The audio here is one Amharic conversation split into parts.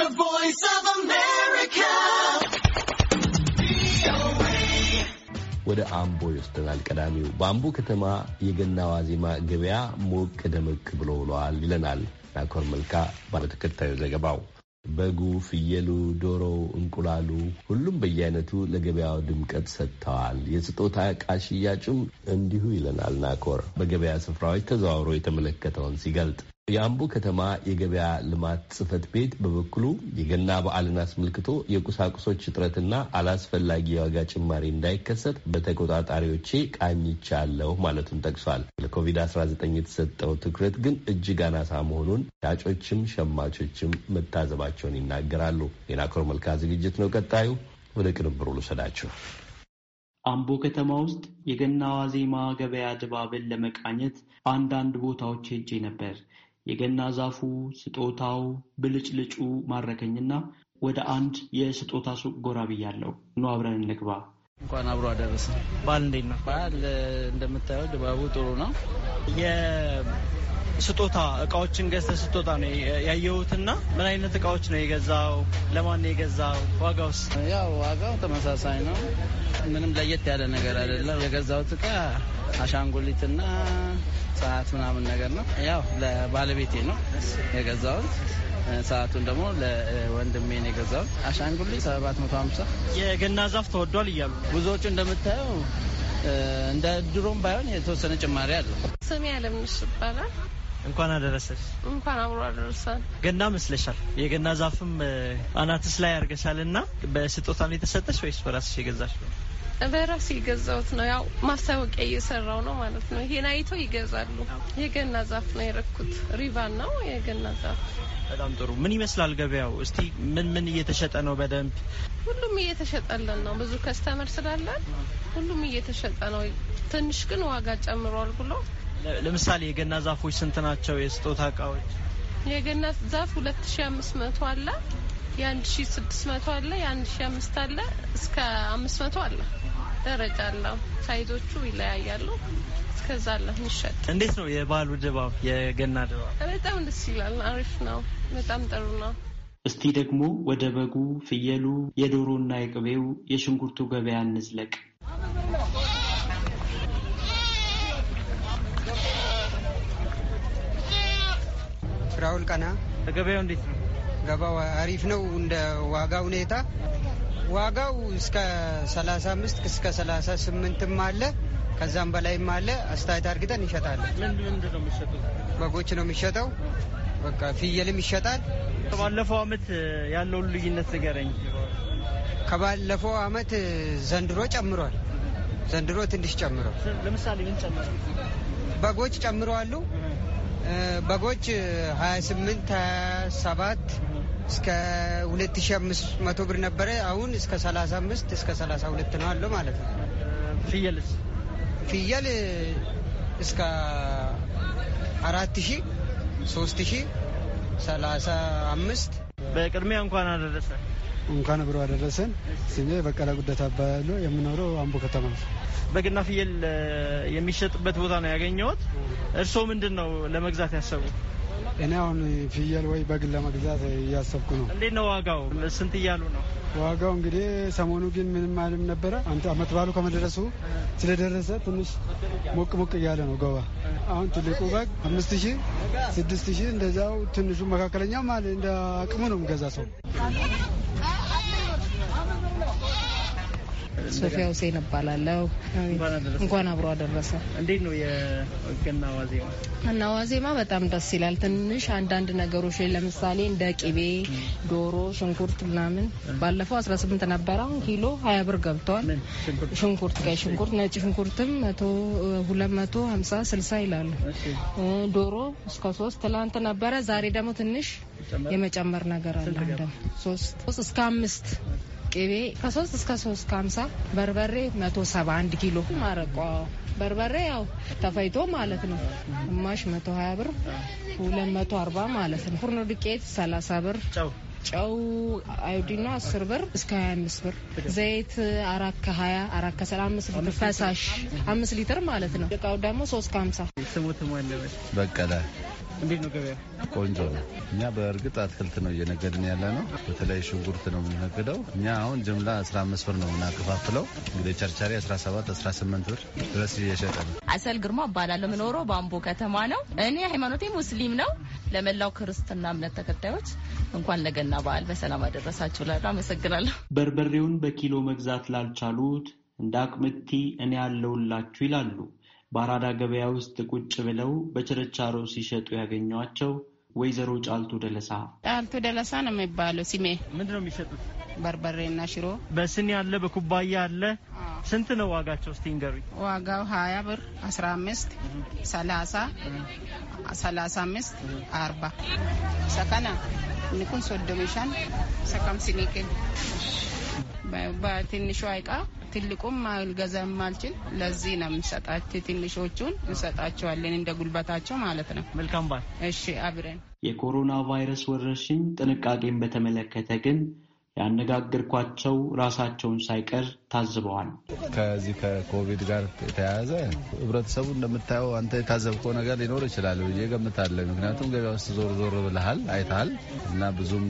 The Voice of America. ወደ አምቦ ይወስደናል። ቀዳሚው በአምቦ ከተማ የገና ዋዜማ ገበያ ሞቅ ደመቅ ብሎ ውሏል ይለናል ናኮር መልካ ባለተከታዩ ዘገባው። በጉ፣ ፍየሉ፣ ዶሮው፣ እንቁላሉ ሁሉም በየአይነቱ ለገበያው ድምቀት ሰጥተዋል። የስጦታ ዕቃ ሽያጩም እንዲሁ ይለናል ናኮር በገበያ ስፍራዎች ተዘዋውሮ የተመለከተውን ሲገልጥ የአምቦ ከተማ የገበያ ልማት ጽሕፈት ቤት በበኩሉ የገና በዓልን አስመልክቶ የቁሳቁሶች እጥረትና አላስፈላጊ የዋጋ ጭማሪ እንዳይከሰት በተቆጣጣሪዎቼ ቃኝቻለሁ ማለቱን ጠቅሷል። ለኮቪድ-19 የተሰጠው ትኩረት ግን እጅግ አናሳ መሆኑን ሻጮችም ሸማቾችም መታዘባቸውን ይናገራሉ። የናኮር መልካ ዝግጅት ነው። ቀጣዩ ወደ ቅንብሩ ልውሰዳችሁ። አምቦ ከተማ ውስጥ የገና ዋዜማ ገበያ ድባብን ለመቃኘት አንዳንድ ቦታዎች ሄጄ ነበር። የገና ዛፉ፣ ስጦታው፣ ብልጭልጩ ማረከኝና ወደ አንድ የስጦታ ሱቅ ጎራ ብያለሁ። ኑ አብረን እንግባ። እንኳን አብሮ አደረሰ። በዓል እንዴት ነው? በዓል እንደምታየው ድባቡ ጥሩ ነው። ስጦታ እቃዎችን ገዝተ ስጦታ ነው ያየሁትና ምን አይነት እቃዎች ነው የገዛው? ለማን ነው የገዛው? ዋጋውስ? ያው ዋጋው ተመሳሳይ ነው። ምንም ለየት ያለ ነገር አይደለም። የገዛሁት እቃ አሻንጉሊትና ሰዓት ምናምን ነገር ነው። ያው ለባለቤቴ ነው የገዛሁት። ሰዓቱን ደግሞ ለወንድሜ ነው የገዛሁት። አሻንጉሊት 750 የገና ዛፍ ተወዷል እያሉ ብዙዎቹ እንደምታየው እንደ ድሮም ባይሆን የተወሰነ ጭማሪ አለው። ስሜ አለምነሽ ይባላል። እንኳን አደረሰሽ። እንኳን አብሮ አደረሰን። ገና መስለሻል። የገና ዛፍም አናትስ ላይ አርገሻል እና በስጦታ ነው የተሰጠሽ ወይስ በራስሽ የገዛሽ? በራሴ የገዛሁት ነው። ያው ማስታወቂያ እየሰራው ነው ማለት ነው። ይሄን አይተው ይገዛሉ። የገና ዛፍ ነው የረኩት። ሪቫን ነው የገና ዛፍ። በጣም ጥሩ። ምን ይመስላል ገበያው? እስቲ ምን ምን እየተሸጠ ነው? በደንብ ሁሉም እየተሸጠልን ነው። ብዙ ከስተመር ስላለን ሁሉም እየተሸጠ ነው። ትንሽ ግን ዋጋ ጨምሯል ብሎ ለምሳሌ የገና ዛፎች ስንት ናቸው? የስጦታ እቃዎች የገና ዛፍ ሁለት ሺ አምስት መቶ አለ የአንድ ሺ ስድስት መቶ አለ የአንድ ሺ አምስት አለ እስከ አምስት መቶ አለ ደረጃ አለው። ሳይዞቹ ይለያያሉ። እስከዛ አለ የሚሸጥ። እንዴት ነው የባህሉ ድባብ? የገና ድባብ በጣም ደስ ይላል። አሪፍ ነው። በጣም ጥሩ ነው። እስቲ ደግሞ ወደ በጉ፣ ፍየሉ፣ የዶሮና የቅቤው የሽንኩርቱ ገበያ እንዝለቅ። ፍራውል ቀና። ገበያው እንዴት ነው? ገበያው አሪፍ ነው። እንደ ዋጋ ሁኔታ ዋጋው እስከ 35 እስከ 38ም አለ ከዛም በላይም አለ። አስተያየት አድርግተን እንሸጣለን። በጎች ነው የሚሸጠው፣ በቃ ፍየልም ይሸጣል። ባለፈው አመት ያለውን ልዩነት ንገረኝ። ከባለፈው አመት ዘንድሮ ጨምሯል። ዘንድሮ ትንሽ ጨምሯል። ለምሳሌ ምን ጨምሯል? በጎች ጨምረዋሉ። በጎች 28 27 እስከ 2500 ብር ነበረ። አሁን እስከ 35 እስከ 32 ነው አለው ማለት ነው። ፍየልስ ፍየል እስከ 4000 3000 35 በቅድሚያ እንኳን አደረሰ እንኳን አብሮ አደረሰን። ስሜ በቀለ ጉደታ እባላለሁ። የምኖረው አምቦ ከተማ ነው። በግና ፍየል የሚሸጥበት ቦታ ነው ያገኘሁት። እርስዎ ምንድን ነው ለመግዛት ያሰቡት? እኔ አሁን ፍየል ወይ በግ ለመግዛት እያሰብኩ ነው። እንዴት ነው ዋጋው? ስንት እያሉ ነው? ዋጋው እንግዲህ ሰሞኑ ግን ምንም አይልም ነበረ። አመት ባሉ ከመደረሱ ስለደረሰ ትንሽ ሞቅ ሞቅ እያለ ነው ገባ። አሁን ትልቁ በግ አምስት ሺ ስድስት ሺ እንደዛው ትንሹ መካከለኛው አለ። እንደ አቅሙ ነው የሚገዛ ሰው ሶፊያ ሁሴን እባላለሁ። እንኳን አብሮ አደረሰ። እንዴት ነው የገና ዋዜማ? እና ዋዜማ በጣም ደስ ይላል። ትንሽ አንዳንድ ነገሮች ላይ ለምሳሌ እንደ ቂቤ ዶሮ፣ ሽንኩርት ምናምን ባለፈው 18 ነበረ። አሁን ኪሎ 20 ብር ገብቷል። ሽንኩርት፣ ቀይ ሽንኩርት፣ ነጭ ሽንኩርትም 250 60 ይላሉ። ዶሮ እስከ 3 ትላንት ነበረ። ዛሬ ደግሞ ትንሽ የመጨመር ነገር አለ። 3 እስከ 5 ቅቤ ከሶስት እስከ ሶስት ከሀምሳ በርበሬ መቶ ሰባ አንድ ኪሎ ማረቆ በርበሬ ያው ተፈይቶ ማለት ነው። ግማሽ መቶ ሀያ ብር ሁለት መቶ አርባ ማለት ነው። ፉርኖ ዱቄት ሰላሳ ብር ጨው አዮዲኖ አስር ብር እስከ ሀያ አምስት ብር ዘይት አራት ከሀያ አራት ከሰላ አምስት ሊትር ፈሳሽ አምስት ሊትር ማለት ነው። እቃው ደግሞ ሶስት ከሀምሳ ስሙ በቀለ እንዴት ነው ገበያ? ቆንጆ ነው። እኛ በእርግጥ አትክልት ነው እየነገድን ያለ ነው። በተለይ ሽንኩርት ነው የምንነግደው። እኛ አሁን ጅምላ 15 ብር ነው የምናከፋፍለው። እንግዲህ ቸርቻሪ 17 18 ብር ድረስ እየሸጠ ነው። አሰል ግርማ እባላለሁ። የምኖረው በአምቦ ከተማ ነው። እኔ ሃይማኖቴ ሙስሊም ነው። ለመላው ክርስትና እምነት ተከታዮች እንኳን ለገና በዓል በሰላም አደረሳችሁ እላለሁ። አመሰግናለሁ። በርበሬውን በኪሎ መግዛት ላልቻሉት እንደ አቅምቲ እኔ ያለውላችሁ ይላሉ በአራዳ ገበያ ውስጥ ቁጭ ብለው በችርቻሮ ሲሸጡ ያገኟቸው ወይዘሮ ጫልቱ ደለሳ ጫልቱ ደለሳ ነው የሚባለው ሲሜ ምንድ ነው የሚሸጡት? በርበሬና ሽሮ በስኒ አለ፣ በኩባያ አለ። ስንት ነው ዋጋቸው? እስቲ ንገሩኝ። ዋጋው ሀያ ብር፣ አስራ አምስት ሰላሳ ሰላሳ አምስት አርባ ሰከና ንኩን ሶዶሜሻን ሰከም ስኒቅን በትንሿ አይቃ ትልቁም አልገዛም አልችል። ለዚህ ነው የምንሰጣቸው፣ ትንሾቹን እንሰጣቸዋለን እንደ ጉልበታቸው ማለት ነው። መልካም ባል። እሺ አብረን የኮሮና ቫይረስ ወረርሽኝ ጥንቃቄን በተመለከተ ግን ያነጋገርኳቸው ራሳቸውን ሳይቀር ታዝበዋል። ከዚህ ከኮቪድ ጋር የተያያዘ ህብረተሰቡ እንደምታየው አንተ የታዘብከው ነገር ሊኖር ይችላል ብዬ እገምታለሁ። ምክንያቱም ገበያ ውስጥ ዞር ዞር ብለሃል፣ አይተሃል እና ብዙም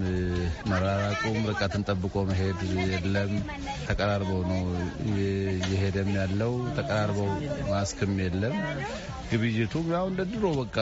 መራራቁም ርቀትን ጠብቆ መሄድ የለም። ተቀራርበው ነው እየሄደም ያለው ተቀራርበው፣ ማስክም የለም። ግብይቱም ያው እንደ ድሮ በቃ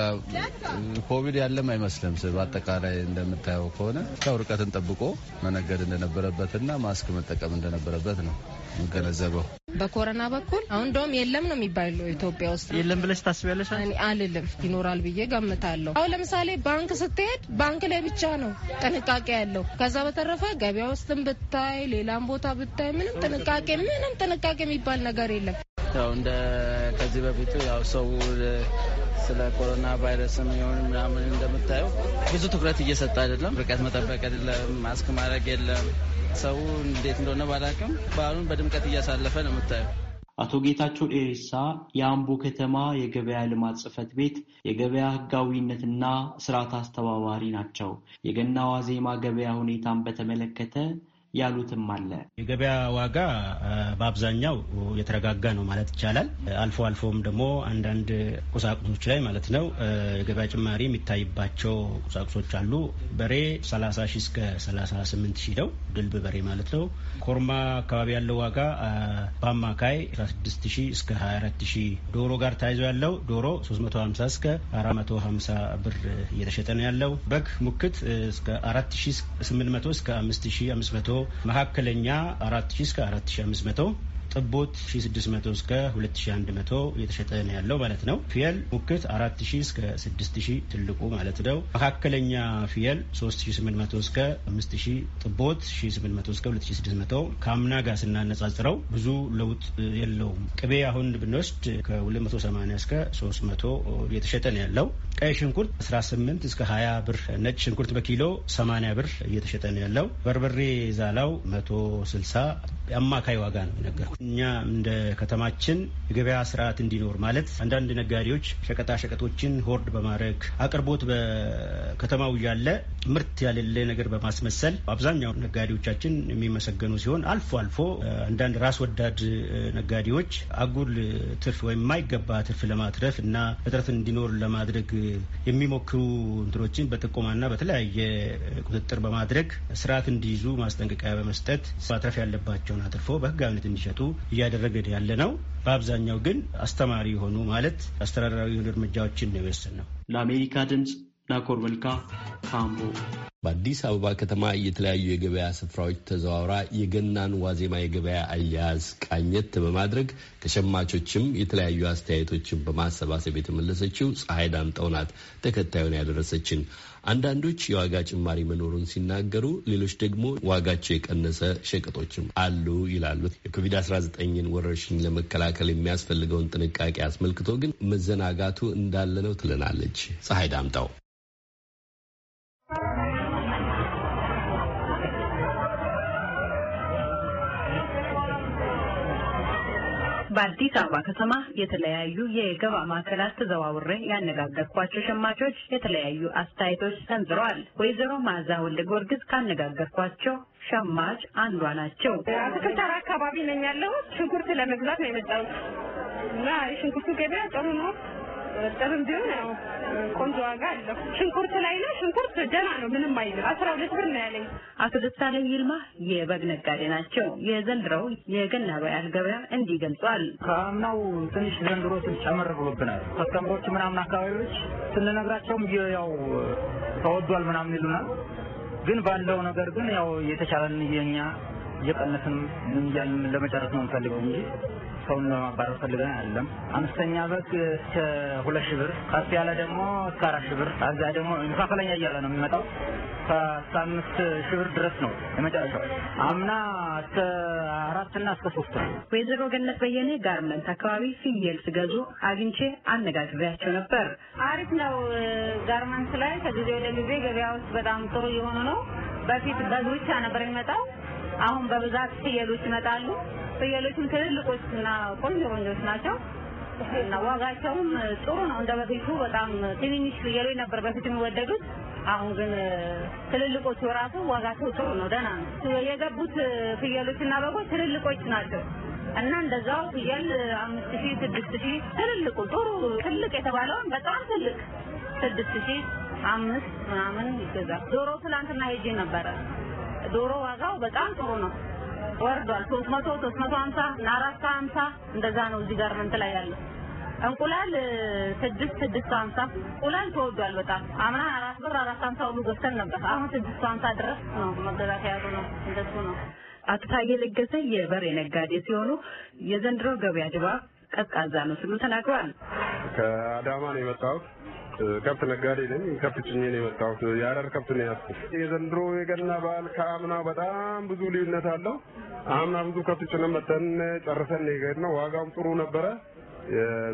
ኮቪድ ያለም አይመስልም። በአጠቃላይ እንደምታየው ከሆነ ያው ርቀትን ጠብቆ መነገድ እንደነበረበትና ማስክ መጠቀም እንደነበረበት ነው የምገነዘበው። በኮረና በኩል አሁን እንደውም የለም ነው የሚባለው ኢትዮጵያ ውስጥ የለም ብለሽ ታስቢያለሽ? አልልም ይኖራል ብዬ ገምታለሁ። አሁን ለምሳሌ ባንክ ስትሄድ ባንክ ላይ ብቻ ነው ጥንቃቄ ያለው። ከዛ በተረፈ ገበያ ውስጥም ብታይ፣ ሌላም ቦታ ብታይ ምንም ጥንቃቄ ምንም ጥንቃቄ የሚባል ነገር የለም። ያው እንደ ከዚህ በፊቱ ያው ሰው ስለ ኮሮና ቫይረስም ሆን ምናምን እንደምታየው ብዙ ትኩረት እየሰጠ አይደለም። ርቀት መጠበቅ አይደለም፣ ማስክ ማድረግ የለም። ሰው እንዴት እንደሆነ ባላቅም በዓሉን በድምቀት እያሳለፈ ነው የምታየው። አቶ ጌታቸው ዴሬሳ የአምቦ ከተማ የገበያ ልማት ጽህፈት ቤት የገበያ ህጋዊነትና ስርዓት አስተባባሪ ናቸው። የገና ዋዜማ ገበያ ሁኔታን በተመለከተ ያሉትም አለ። የገበያ ዋጋ በአብዛኛው የተረጋጋ ነው ማለት ይቻላል። አልፎ አልፎም ደግሞ አንዳንድ ቁሳቁሶች ላይ ማለት ነው የገበያ ጭማሪ የሚታይባቸው ቁሳቁሶች አሉ። በሬ 30 ሺ እስከ 38 ሺ ነው፣ ድልብ በሬ ማለት ነው። ኮርማ አካባቢ ያለው ዋጋ በአማካይ 16 ሺ እስከ 24 ሺ። ዶሮ ጋር ተያይዞ ያለው ዶሮ 350 እስከ 450 ብር እየተሸጠ ነው ያለው። በግ ሙክት እስከ 4800 እስከ 5500 መካከለኛ 4000 እስከ 4500 ጥቦት 1600 እስከ 2100 እየተሸጠ ነው ያለው ማለት ነው። ፍየል ሙክት 4000 እስከ 6000 ትልቁ ማለት ነው። መካከለኛ ፍየል 3800 እስከ 5000፣ ጥቦት 1800 እስከ 2600። ከአምና ጋር ስናነጻጽረው ብዙ ለውጥ የለውም። ቅቤ አሁን ብንወስድ ከ280 እስከ 300 እየተሸጠ ነው ያለው። ቀይ ሽንኩርት 18 እስከ 20 ብር፣ ነጭ ሽንኩርት በኪሎ 80 ብር እየተሸጠ ነው ያለው። በርበሬ ዛላው 160 አማካይ ዋጋ ነው የነገርኩት። እኛ እንደ ከተማችን የገበያ ስርዓት እንዲኖር ማለት አንዳንድ ነጋዴዎች ሸቀጣ ሸቀጦችን ሆርድ በማድረግ አቅርቦት በከተማው እያለ ምርት ያሌለ ነገር በማስመሰል አብዛኛው ነጋዴዎቻችን የሚመሰገኑ ሲሆን አልፎ አልፎ አንዳንድ ራስ ወዳድ ነጋዴዎች አጉል ትርፍ ወይም የማይገባ ትርፍ ለማትረፍ እና እጥረት እንዲኖር ለማድረግ የሚሞክሩ እንትኖችን በጥቆማና በተለያየ ቁጥጥር በማድረግ ስርዓት እንዲይዙ ማስጠንቀቂያ በመስጠት ማትረፍ ያለባቸውን አትርፎ በህጋዊነት እንዲሸጡ እያደረገ ያለ ነው። በአብዛኛው ግን አስተማሪ የሆኑ ማለት አስተዳደራዊ የሆኑ እርምጃዎችን ነው የወሰን ነው። ለአሜሪካ ድምፅ ናኮር መልካ ካምቦ በአዲስ አበባ ከተማ የተለያዩ የገበያ ስፍራዎች ተዘዋውራ የገናን ዋዜማ የገበያ አያያዝ ቃኘት በማድረግ ከሸማቾችም የተለያዩ አስተያየቶችን በማሰባሰብ የተመለሰችው ፀሐይ ዳምጠው ናት ተከታዩን ያደረሰችን። አንዳንዶች የዋጋ ጭማሪ መኖሩን ሲናገሩ፣ ሌሎች ደግሞ ዋጋቸው የቀነሰ ሸቀጦችም አሉ ይላሉ። የኮቪድ-19ን ወረርሽኝ ለመከላከል የሚያስፈልገውን ጥንቃቄ አስመልክቶ ግን መዘናጋቱ እንዳለ ነው ትለናለች ፀሐይ ዳምጠው። በአዲስ አበባ ከተማ የተለያዩ የገባ ማዕከላት ተዘዋውሬ ያነጋገርኳቸው ሸማቾች የተለያዩ አስተያየቶች ሰንዝረዋል። ወይዘሮ ማዛ ወልደ ጊዮርጊስ ካነጋገርኳቸው ሸማች አንዷ ናቸው። አትክልት ተራ አካባቢ ነኝ ያለሁት። ሽንኩርት ለመግዛት ነው የመጣሁት እና የሽንኩርቱ ገበያ ጥሩ ነው። ጥርም ቢሆን ያው ቆንጆ ዋጋ አለው። ሽንኩርት ላይ ነው። ሽንኩርት ደህና ነው፣ ምንም አይልም። አስራ ሁለት ብር ነው ያለኝ። አቶ ደሳለኝ ይልማ የበግ ነጋዴ ናቸው። የዘንድሮው የገና በዓል ገበያ እንዲህ ገልጿል። ከአምናው ትንሽ ዘንድሮ ትንሽ ጨመር ብሎብናል። ከስተምሮች ምናምን አካባቢዎች ስንነግራቸውም ያው ተወዷል ምናምን ይሉናል። ግን ባለው ነገር ግን ያው የተቻለን የኛ እየቀነስን እያልን ለመጨረስ ነው እንፈልገው እንጂ ሰውን ለማባረር ፈልገን አይደለም። አምስተኛ በግ እስከ ሁለት ሺህ ብር፣ ከፍ ያለ ደግሞ እስከ አራት ሺህ ብር፣ እዛ ደግሞ መካከለኛ እያለ ነው የሚመጣው ከአስራ አምስት ሺህ ብር ድረስ ነው የመጨረሻው። አምና እስከ አራትና እስከ ሶስት ነው። ወይዘሮ ገነት በየኔ ጋርመንት አካባቢ ፍየል ስገዙ አግኝቼ አነጋግሬያቸው ነበር። አሪፍ ነው። ጋርመንት ላይ ከጊዜ ወደ ጊዜ ገበያ ውስጥ በጣም ጥሩ የሆኑ ነው። በፊት በግ ብቻ ነበር የሚመጣው አሁን በብዛት ፍየሎች ይመጣሉ። ፍየሎችም ትልልቆችና ቆንጆ ቆንጆች ናቸው እና ዋጋቸውም ጥሩ ነው። እንደ በፊቱ በጣም ትንንሽ ፍየሎች ነበር በፊት የሚወደዱት። አሁን ግን ትልልቆቹ ራሱ ዋጋቸው ጥሩ ነው፣ ደህና ነው። የገቡት ፍየሎችና በጎች ትልልቆች ናቸው እና እንደዛው ፍየል አምስት ሺህ ስድስት ሺህ ትልልቁ ጥሩ ትልቅ የተባለውን በጣም ትልቅ ስድስት ሺህ አምስት ምናምን ይገዛል። ዶሮ ትላንትና ሄጄ ነበረ ዶሮ ዋጋው በጣም ጥሩ ነው፣ ወርዷል። 300 350 እና 450 እንደዛ ነው እዚህ ጋር እንትን ላይ ያለው። እንቁላል 6 650 እንቁላል ተወዷል በጣም አምና 4 ብር 450 ሁሉ ገዝተን ነበር። አሁን 650 ድረስ ነው መገዛት ያሉ ነው እንደሱ ነው። አቶ ታዬ ለገሰ የበሬ ነጋዴ ሲሆኑ የዘንድሮ ገበያ ድባብ ቀዝቃዛ ነው ስሉ ተናግረዋል። ከአዳማ ነው የመጣሁት። ከብት ነጋዴ ነኝ። ከብት ጭኜ ነው የመጣሁት። የሀረር ከብት ነው ያዝኩት። የዘንድሮ የገና በዓል ከአምናው በጣም ብዙ ልዩነት አለው። አምና ብዙ ከብት ጭነን መተን ጨርሰን ነው የሄድነው። ዋጋውም ጥሩ ነበረ።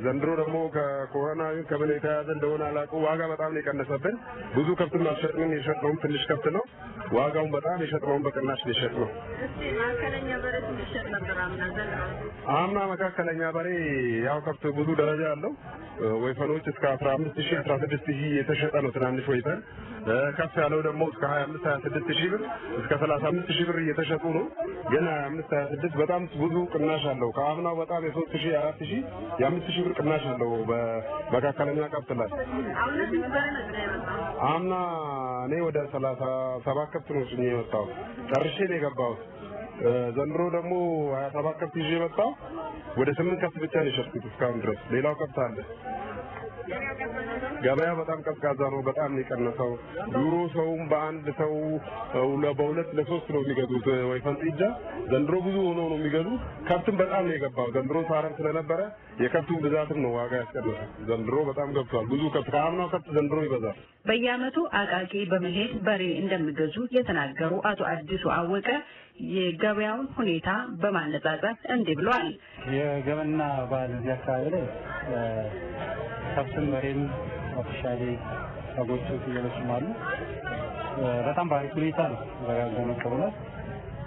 ዘንድሮ ደግሞ ከኮሮና ከምን የተያዘ እንደሆነ አላቁ ዋጋ በጣም ነው የቀነሰብን። ብዙ ከብትም አልሸጥንም። የሸጥነውም ትንሽ ከብት ነው። ዋጋውን በጣም የሸጥነውን በቅናሽ ነው የሸጥነው። አምና መካከለኛ በሬ ያው ከብት ብዙ ደረጃ አለው። ወይፈኖች እስከ 15 ሺህ ሺህ የተሸጠ ነው ትናንሽ ወይፈን። ከፍ ያለው ደግሞ እስከ 25 26 ሺህ ብር እስከ 35 ሺህ ብር እየተሸጡ ነው። ግን 25 በጣም ብዙ ቅናሽ አለው። ከአምናው በጣም የ ሺህ ሺህ የአምስት ሺህ ብር ቅናሽ አለው በመካከለኛ ከብት ላይ። አምና እኔ ወደ ሰላሳ ሰባት ከብት ነው ስኝ የመጣው ጨርሼ ነው የገባሁት። ዘንድሮ ደግሞ ሀያ ሰባት ከብት ይዤ የመጣው ወደ ስምንት ከብት ብቻ ነው የሸጥኩት እስካሁን ድረስ ሌላው ከብት አለ ገበያ በጣም ቀዝቃዛ ነው። በጣም የቀነሰው ዱሮ ሰውም በአንድ ሰው በሁለት ለሶስት ነው የሚገዙት ወይ ፈንጥጃ። ዘንድሮ ብዙ ሆኖ ነው የሚገዙት። ከብትም በጣም ነው የገባው ዘንድሮ ሳረም ስለነበረ የከብቱ ብዛትም ነው ዋጋ ያስቀንሳል። ዘንድሮ በጣም ገብቷል። ብዙ ከብት ከአምናው ከብት ዘንድሮ ይበዛል። በየአመቱ አቃቂ በመሄድ በሬ እንደሚገዙ የተናገሩ አቶ አዲሱ አወቀ የገበያውን ሁኔታ በማነጻጸር እንዲህ ብሏል። የገበና ባህል እዚህ አካባቢ ላይ ከብትም በሬም ኦፊሻሌ ሰጎቹ ፍየሎችም አሉ። በጣም ባሪክ ሁኔታ ነው ዘጋገነ መቀበላት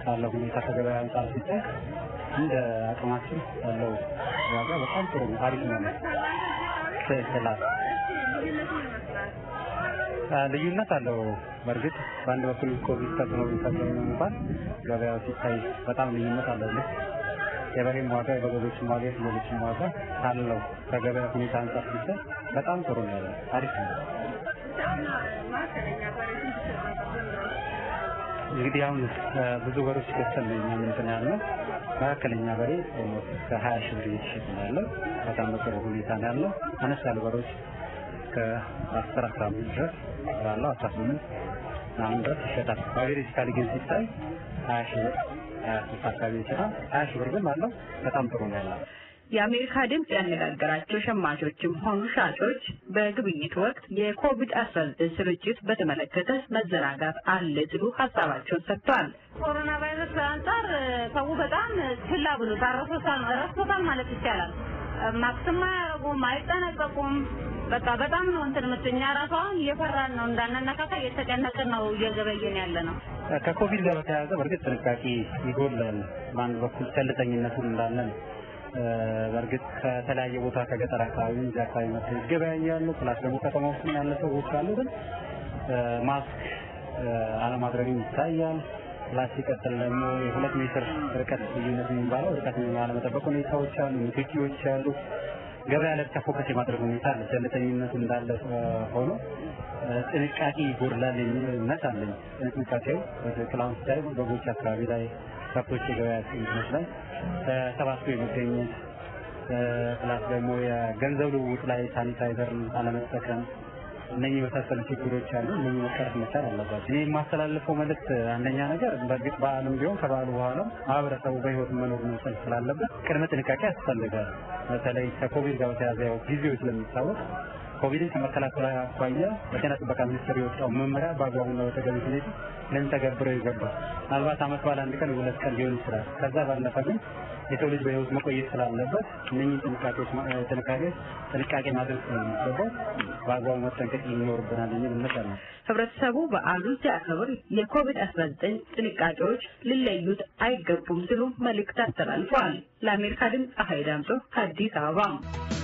ካለ ሁኔታ ከገበያ አንጻር ሲታይ እንደ አቅማችን ያለው ዋጋ በጣም ጥሩ ነው፣ አሪፍ ነው። ስላት ልዩነት አለው። በእርግጥ በአንድ በኩል ኮቪድ ተጽዕኖ ቢፈጥርም እንኳን ገበያው ሲታይ በጣም ልዩነት አለው። የበሬም ዋጋ የበጎሎችም ዋጋ የፍየሎችም ዋጋ ካለው ከገበያ ሁኔታ አንጻር ሲታይ በጣም ጥሩ ነው፣ አሪፍ ነው። እንግዲህ አሁን ብዙ በሮች ገዝተን ነው እንትን መካከለኛ በሬ ከሀያ ሺህ ብር እየተሸጠ ነው ያለው። በጣም በጥሩ ሁኔታ ነው ያለው። አነስ ያሉ በሮች ከአስር አስራ 15 ድረስ አስራ ስምንት ምናምን ድረስ ይሸጣል። አቬሬጅ ካሊ ግን ሲታይ ሀያ ሺህ ብር ተሳታቢ ስራ ሀያ ሺህ ብር ግን አለው። በጣም ጥሩ ነው ያለው። የአሜሪካ ድምፅ ያነጋገራቸው ሸማቾችም ሆኑ ሻጮች በግብይት ወቅት የኮቪድ-19 ስርጭት በተመለከተ መዘናጋት አለ ሲሉ ሀሳባቸውን ሰጥቷል። ኮሮና ቫይረስ በአንጻር ሰው በጣም ችላ ብሎታል፣ ረስቶታል ማለት ይቻላል። ማክስም አያደርጉም፣ አይጠነቀቁም በቃ በጣም ነው እንትን የምትኛ ራሷ እየፈራን ነው እንዳንነካካ እየተጨነቅን ነው እየገበየን ያለ ነው። ከኮቪድ ጋር በተያያዘ በእርግጥ ጥንቃቄ ይጎላል። በአንድ በኩል ቸልተኝነቱን እንዳለ ነው። በእርግጥ ከተለያየ ቦታ ከገጠር አካባቢ እዚ አካባቢ መ ገበያኛ ያሉ ፕላስ ደግሞ ከተማ ውስጥ ያለ ሰዎች አሉ። ግን ማስክ አለማድረግም ይታያል። ፕላስ ሲቀጥል ደግሞ የሁለት ሜትር ርቀት ልዩነት የሚባለው ርቀት አለመጠበቅ ሁኔታዎች አሉ፣ ንክኪዎች አሉ። ገበያ ላይ ብቻ ፎከስ የማድረግ ሁኔታ አለ። ቸልተኝነቱ እንዳለ ሆኖ ጥንቃቄ ይጎድላል የሚል እምነት አለኝ። ጥንቃቄው ትላንት ላይ በጎች አካባቢ ላይ ከብቶች የገበያ ቅኝቶች ላይ ተሰባስቦ የመገኘት ፕላስ ደግሞ የገንዘብ ልውውጥ ላይ ሳኒታይዘር አለመጠቀም እነኚህ የመሳሰሉ ችግሮች አሉ። እነኚህ መቀረፍ መቻል አለባቸው። እኔ የማስተላልፈው መልእክት አንደኛ ነገር በእርግጥ በዓሉም ቢሆን ከበዓሉ በኋላ ማህበረሰቡ በህይወት መኖር መቻል ስላለበት ቅድመ ጥንቃቄ ያስፈልጋል። በተለይ ከኮቪድ ጋር በተያያዘ ያው ጊዜው ስለሚታወቅ ኮቪድን ከመከላከል አኳያ በጤና ጥበቃ ሚኒስቴር የወጣው መመሪያ በአግባቡና በተገቢ ሁኔታ ልንተገብረው ይገባል። ምናልባት አመት በዓል አንድ ቀን ሁለት ቀን ሊሆን ይችላል። ከዛ ባለፈ ግን የሰው ልጅ በህይወት መቆየት ስላለበት እነኝህ ጥንቃቄዎች ጥንቃቄዎች ጥንቃቄ ማድረግ ስለሚገባት በአግባቡ መጠንቀቅ ይኖርብናል የሚል እምነት አለ። ህብረተሰቡ በዓሉን ሲያከብር የኮቪድ አስራ ዘጠኝ ጥንቃቄዎች ሊለዩት አይገቡም ሲሉ መልእክት አስተላልፈዋል። ለአሜሪካ ድምፅ ፀሐይ ዳምጦ ከአዲስ አበባ